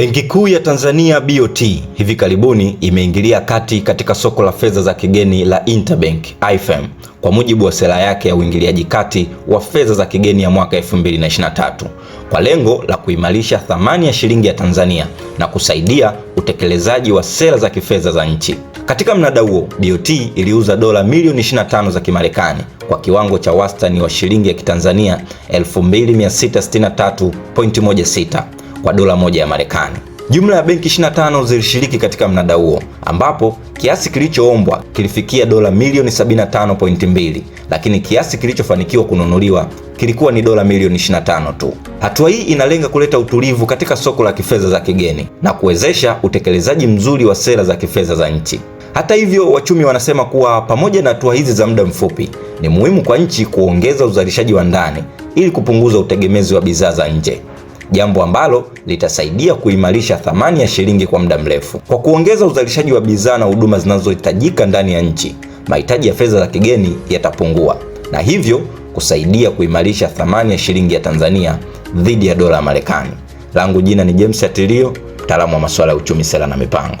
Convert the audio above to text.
Benki Kuu ya Tanzania BOT hivi karibuni imeingilia kati katika soko la fedha za kigeni la Interbank IFM kwa mujibu wa sera yake ya uingiliaji kati wa fedha za kigeni ya mwaka 2023 kwa lengo la kuimarisha thamani ya shilingi ya Tanzania na kusaidia utekelezaji wa sera za kifedha za nchi. Katika mnada huo, BOT iliuza dola milioni 25 za Kimarekani kwa kiwango cha wastani wa shilingi ya Kitanzania 2663.16 kwa dola moja ya Marekani. Jumla ya benki 25 zilishiriki katika mnada huo ambapo kiasi kilichoombwa kilifikia dola milioni 75.2, lakini kiasi kilichofanikiwa kununuliwa kilikuwa ni dola milioni 25 tu. Hatua hii inalenga kuleta utulivu katika soko la kifedha za kigeni na kuwezesha utekelezaji mzuri wa sera za kifedha za nchi. Hata hivyo, wachumi wanasema kuwa pamoja na hatua hizi za muda mfupi, ni muhimu kwa nchi kuongeza uzalishaji wa ndani ili kupunguza utegemezi wa bidhaa za nje jambo ambalo litasaidia kuimarisha thamani ya shilingi kwa muda mrefu. Kwa kuongeza uzalishaji wa bidhaa na huduma zinazohitajika ndani ya nchi, mahitaji ya fedha za kigeni yatapungua na hivyo kusaidia kuimarisha thamani ya shilingi ya Tanzania dhidi ya dola ya Marekani. Langu jina ni James Atilio, mtaalamu wa masuala ya uchumi, sera na mipango.